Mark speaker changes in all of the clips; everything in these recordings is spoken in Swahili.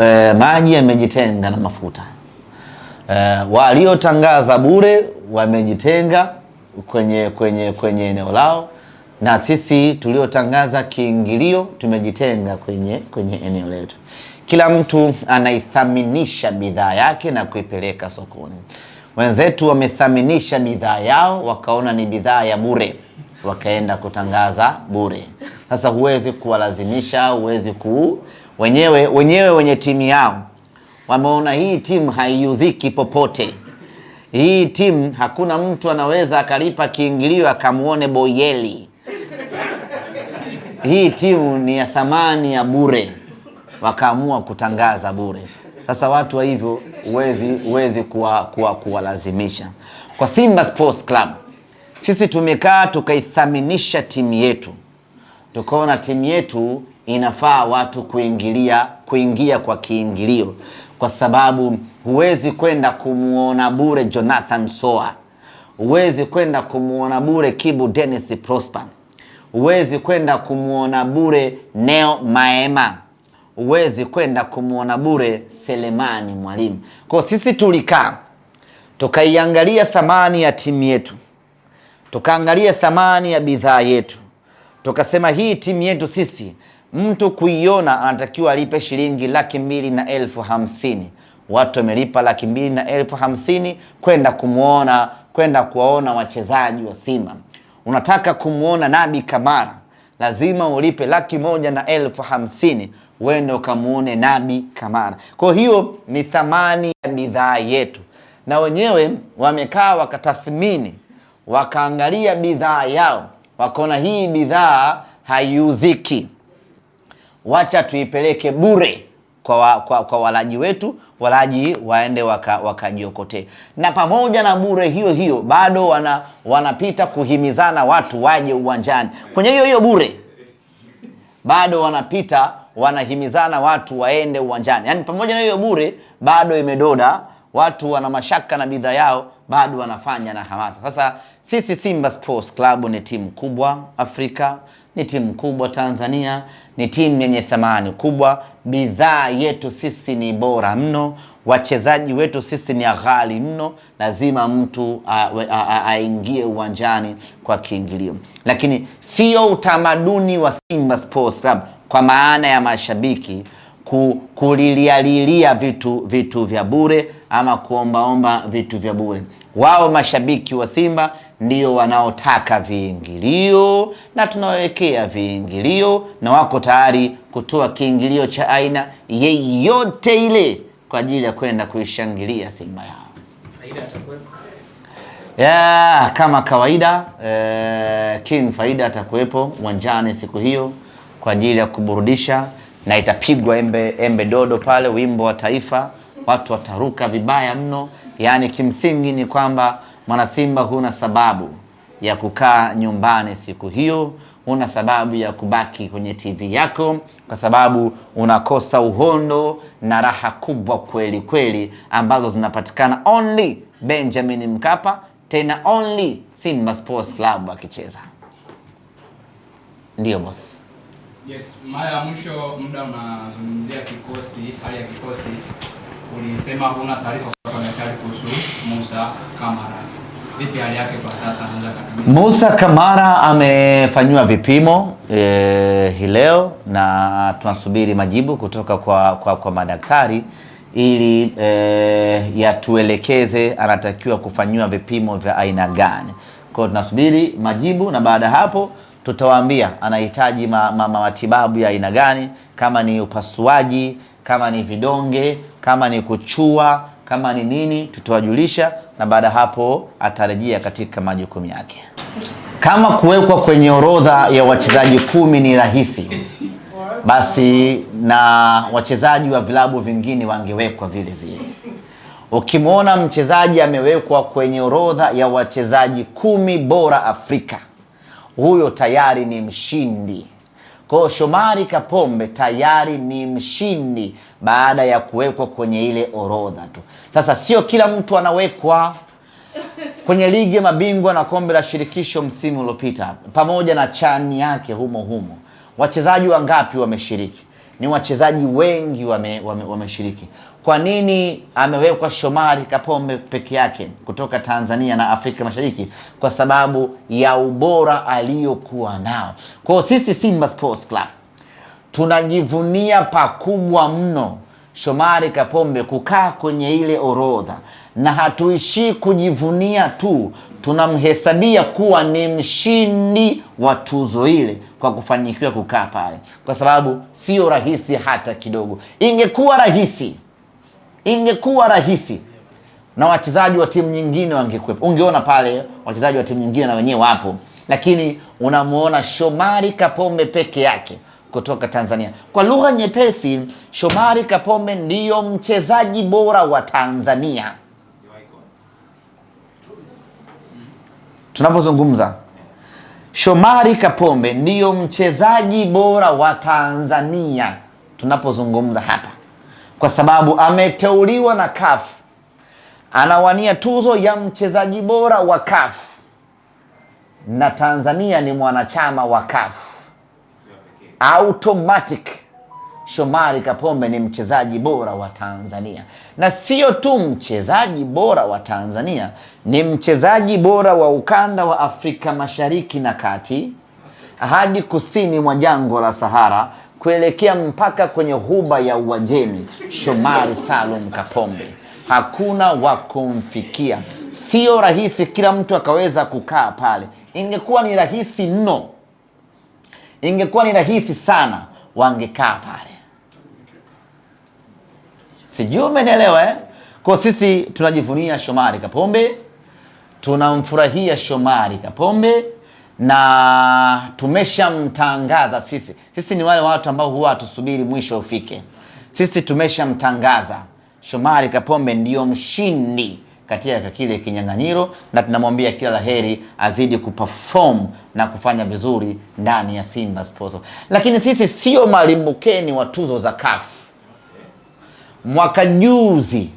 Speaker 1: E, maji yamejitenga na mafuta. E, waliotangaza bure wamejitenga kwenye kwenye kwenye eneo lao, na sisi tuliotangaza kiingilio tumejitenga kwenye kwenye eneo letu. Kila mtu anaithaminisha bidhaa yake na kuipeleka sokoni. Wenzetu wamethaminisha bidhaa yao, wakaona ni bidhaa ya bure, wakaenda kutangaza bure. Sasa huwezi kuwalazimisha, huwezi ku wenyewe wenyewe wenye timu yao wameona hii timu haiuziki popote. Hii timu hakuna mtu anaweza akalipa kiingilio akamuone Boyeli. Hii timu ni ya thamani ya bure, wakaamua kutangaza bure. Sasa watu wa hivyo huwezi huwezi kuwalazimisha. Kuwa, kuwa kwa Simba Sports Club sisi tumekaa tukaithaminisha timu yetu, tukaona timu yetu inafaa watu kuingilia kuingia kwa kiingilio, kwa sababu huwezi kwenda kumuona bure Jonathan Soa, huwezi kwenda kumuona bure Kibu Dennis Prosper, huwezi kwenda kumuona bure Neo Maema, huwezi kwenda kumuona bure Selemani Mwalimu. Kwa sisi tulikaa tukaiangalia thamani ya timu yetu, tukaangalia thamani ya bidhaa yetu, tukasema hii timu yetu sisi mtu kuiona anatakiwa alipe shilingi laki mbili na elfu hamsini. Watu wamelipa laki mbili na elfu hamsini kwenda kumwona, kwenda kuwaona wachezaji wa Simba. Unataka kumwona Nabi Kamara, lazima ulipe laki moja na elfu hamsini wende ukamuone Nabi Kamara. Kwa hiyo ni thamani ya bidhaa yetu, na wenyewe wamekaa wakatathmini, wakaangalia bidhaa yao, wakaona hii bidhaa haiuziki wacha tuipeleke bure kwa, wa, kwa, kwa walaji wetu, walaji waende wakajiokotee waka. Na pamoja na bure hiyo hiyo bado wana, wanapita kuhimizana watu waje uwanjani kwenye hiyo hiyo bure, bado wanapita wanahimizana watu waende uwanjani, yaani pamoja na hiyo bure bado imedoda watu wana mashaka na bidhaa yao bado wanafanya na hamasa. Sasa sisi Simba Sports Club ni timu kubwa Afrika, ni timu kubwa Tanzania, ni timu yenye thamani kubwa. Bidhaa yetu sisi ni bora mno, wachezaji wetu sisi ni ghali mno. Lazima mtu aingie uwanjani kwa kiingilio, lakini sio utamaduni wa Simba Sports Club kwa maana ya mashabiki ku, kulilialilia vitu vitu vya bure ama kuombaomba vitu vya bure. Wao mashabiki wa Simba ndio wanaotaka viingilio na tunawekea viingilio, na wako tayari kutoa kiingilio cha aina yeyote ile kwa ajili ya kwenda kuishangilia Simba yao ya, kama kawaida eh, King Faida atakuwepo uwanjani siku hiyo kwa ajili ya kuburudisha na itapigwa embe, embe dodo pale, wimbo wa taifa, watu wataruka vibaya mno. Yaani kimsingi ni kwamba mwana Simba, huna sababu ya kukaa nyumbani siku hiyo, huna sababu ya kubaki kwenye TV yako, kwa sababu unakosa uhondo na raha kubwa kweli kweli ambazo zinapatikana only Benjamin Mkapa, tena only Simba Sports Club akicheza. Ndio boss.
Speaker 2: Yes, mara ya mwisho muda unazungumzia kikosi, hali ya kikosi, ulisema huna taarifa kutoka daktari kuhusu Musa Kamara. Vipi hali yake kwa sasa?
Speaker 1: Musa Kamara amefanyiwa vipimo e, hii leo na tunasubiri majibu kutoka kwa, kwa, kwa madaktari ili e, yatuelekeze anatakiwa kufanyiwa vipimo vya aina gani. Kwa hiyo tunasubiri majibu na baada hapo tutawaambia anahitaji ma, ma, ma, matibabu ya aina gani, kama ni upasuaji, kama ni vidonge, kama ni kuchua, kama ni nini, tutawajulisha na baada hapo atarejea katika majukumu yake. Kama kuwekwa kwenye orodha ya wachezaji kumi ni rahisi, basi na wachezaji wa vilabu vingine wangewekwa vile vile. Ukimwona mchezaji amewekwa kwenye orodha ya wachezaji kumi bora Afrika huyo tayari ni mshindi. Kwa hiyo Shomari Kapombe tayari ni mshindi baada ya kuwekwa kwenye ile orodha tu. Sasa sio kila mtu anawekwa kwenye ligi ya mabingwa na kombe la shirikisho msimu uliopita, pamoja na chani yake humo humo, wachezaji wangapi wameshiriki? Ni wachezaji wengi wameshiriki, wame, wame kwa nini amewekwa Shomari Kapombe peke yake kutoka Tanzania na Afrika Mashariki? Kwa sababu ya ubora aliyokuwa nao. Kwa sisi Simba Sports Club tunajivunia pakubwa mno Shomari Kapombe kukaa kwenye ile orodha, na hatuishii kujivunia tu, tunamhesabia kuwa ni mshindi wa tuzo ile kwa kufanikiwa kukaa pale, kwa sababu sio rahisi hata kidogo. Ingekuwa rahisi Ingekuwa rahisi na wachezaji wa timu nyingine wangekuwepo, ungeona pale wachezaji wa timu nyingine na wenyewe wapo, lakini unamuona Shomari Kapombe peke yake kutoka Tanzania. Kwa lugha nyepesi, Shomari Kapombe ndiyo mchezaji bora wa Tanzania tunapozungumza. Shomari Kapombe ndiyo mchezaji bora wa Tanzania tunapozungumza hapa kwa sababu ameteuliwa na CAF, anawania tuzo ya mchezaji bora wa CAF na Tanzania ni mwanachama wa CAF. Automatic Shomari Kapombe ni mchezaji bora wa Tanzania, na sio tu mchezaji bora wa Tanzania, ni mchezaji bora wa ukanda wa Afrika Mashariki na Kati hadi kusini mwa jangwa la Sahara kuelekea mpaka kwenye huba ya Uajemi. Shomari Salum Kapombe, hakuna wa kumfikia. Sio rahisi kila mtu akaweza kukaa pale. Ingekuwa ni rahisi mno, ingekuwa ni rahisi sana, wangekaa pale. Sijui umenelewa eh? Kwa sisi tunajivunia Shomari Kapombe, tunamfurahia Shomari Kapombe na tumeshamtangaza sisi. Sisi ni wale watu ambao huwa hatusubiri mwisho ufike. Sisi tumeshamtangaza Shomari Kapombe ndiyo mshindi katika kile kinyang'anyiro, na tunamwambia kila laheri, azidi kuperform na kufanya vizuri ndani ya Simba Sports. Lakini sisi sio malimbukeni wa tuzo za CAF. Mwaka juzi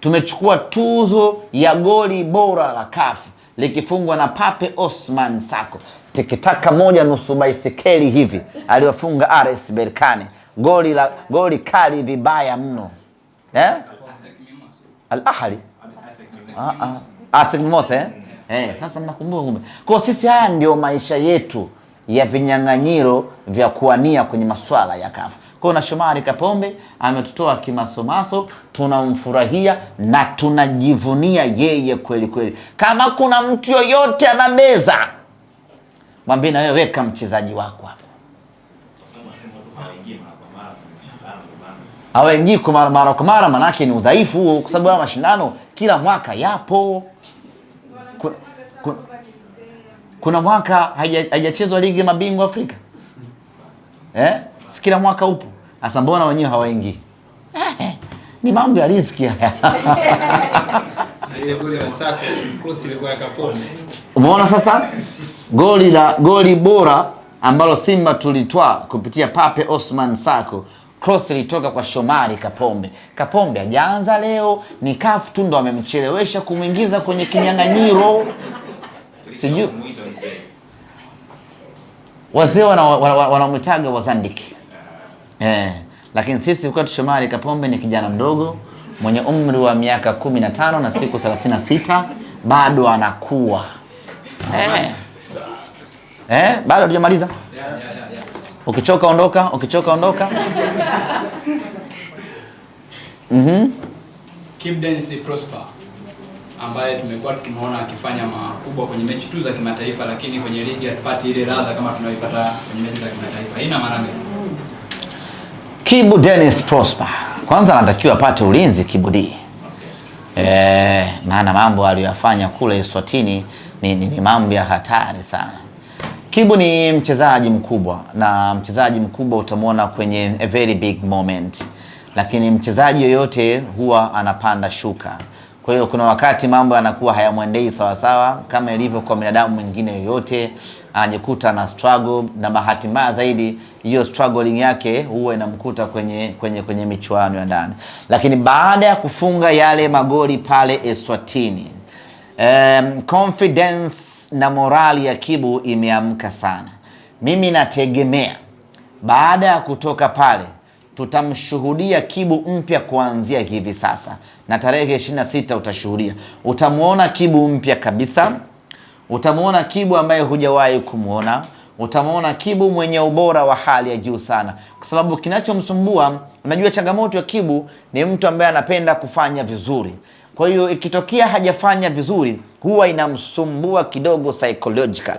Speaker 1: tumechukua tuzo ya goli bora la CAF likifungwa na Pape Osman Sako, tikitaka moja nusu baisikeli hivi aliyofunga RS Berkane, goli la goli kali vibaya mno eh? Al Ahli ah, ah. Eh? Eh, sasa eh, mnakumbuka kumbe. Kwa sisi haya ndio maisha yetu ya vinyang'anyiro vya kuania kwenye masuala ya kafu kwao na Shomari Kapombe ametutoa kimasomaso, tunamfurahia na tunajivunia yeye kweli kweli. Kama kuna mtu yoyote anabeza, mwambie na wewe weka mchezaji wako hapo, awaingii kwa mara kwa mara, manake ni udhaifu huo, kwa sababu mashindano kila mwaka yapo. Kuna, mwaka haijachezwa ligi mabingwa Afrika eh? si kila mwaka upo? hasa mbona wenyewe hawaingi eh, ni mambo ya riziki haya. Umeona sasa goli la goli bora ambalo Simba tulitwaa kupitia Pape Osman Sako cross ilitoka kwa Shomari Kapombe. Kapombe ajaanza leo, ni kafu tu ndo amemchelewesha kumwingiza kwenye kinyang'anyiro. Sijui wazee wanamwitaga wana, wana, wana wazandiki eh, lakini sisi Fukatus Shomari Kapombe ni kijana mdogo mwenye umri wa miaka kumi na tano na siku thelathini na sita bado anakuwa eh. Eh, bado hatujamaliza. Ukichoka ondoka, ukichoka ondoka. Mhm.
Speaker 2: Keep Dennis Prosper ambaye tumekuwa tukimwona akifanya makubwa kwenye mechi tu za kimataifa, lakini kwenye ligi hatupati ile ladha kama tunayoipata kwenye mechi za kimataifa. Haina maana
Speaker 1: Kibu Dennis Prosper kwanza anatakiwa apate ulinzi Kibu D. Eh, maana mambo aliyoyafanya kule Eswatini ni, ni, ni mambo ya hatari sana. Kibu ni mchezaji mkubwa na mchezaji mkubwa utamwona kwenye a very big moment, lakini mchezaji yoyote huwa anapanda shuka. Kwa hiyo kuna wakati mambo yanakuwa hayamwendei sawasawa kama ilivyo kwa binadamu mwingine yoyote, anajikuta na struggle na bahati mbaya zaidi hiyo struggling yake huwa inamkuta kwenye, kwenye, kwenye michuano ya ndani. Lakini baada ya kufunga yale magoli pale Eswatini, um, confidence na morali ya Kibu imeamka sana. Mimi nategemea baada ya kutoka pale tutamshuhudia Kibu mpya kuanzia hivi sasa, na tarehe 26 utashuhudia, utamwona Kibu mpya kabisa. Utamwona Kibu ambaye hujawahi kumwona, utamwona Kibu mwenye ubora wa hali ya juu sana, kwa sababu kinachomsumbua, unajua changamoto ya Kibu ni mtu ambaye anapenda kufanya vizuri. Kwa hiyo ikitokea hajafanya vizuri, huwa inamsumbua kidogo psychological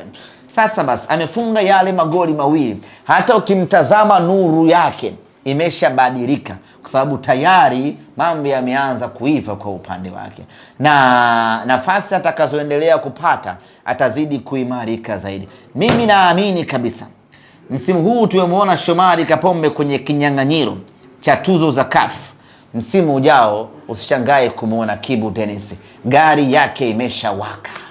Speaker 1: Sasa basi, amefunga yale magoli mawili, hata ukimtazama nuru yake imeshabadilika kwa sababu tayari mambo yameanza kuiva kwa upande wake, na nafasi atakazoendelea kupata atazidi kuimarika zaidi. Mimi naamini kabisa msimu huu tumemwona Shomari Kapombe kwenye kinyang'anyiro cha tuzo za kafu Msimu ujao usishangae kumwona Kibu Denis, gari yake imeshawaka.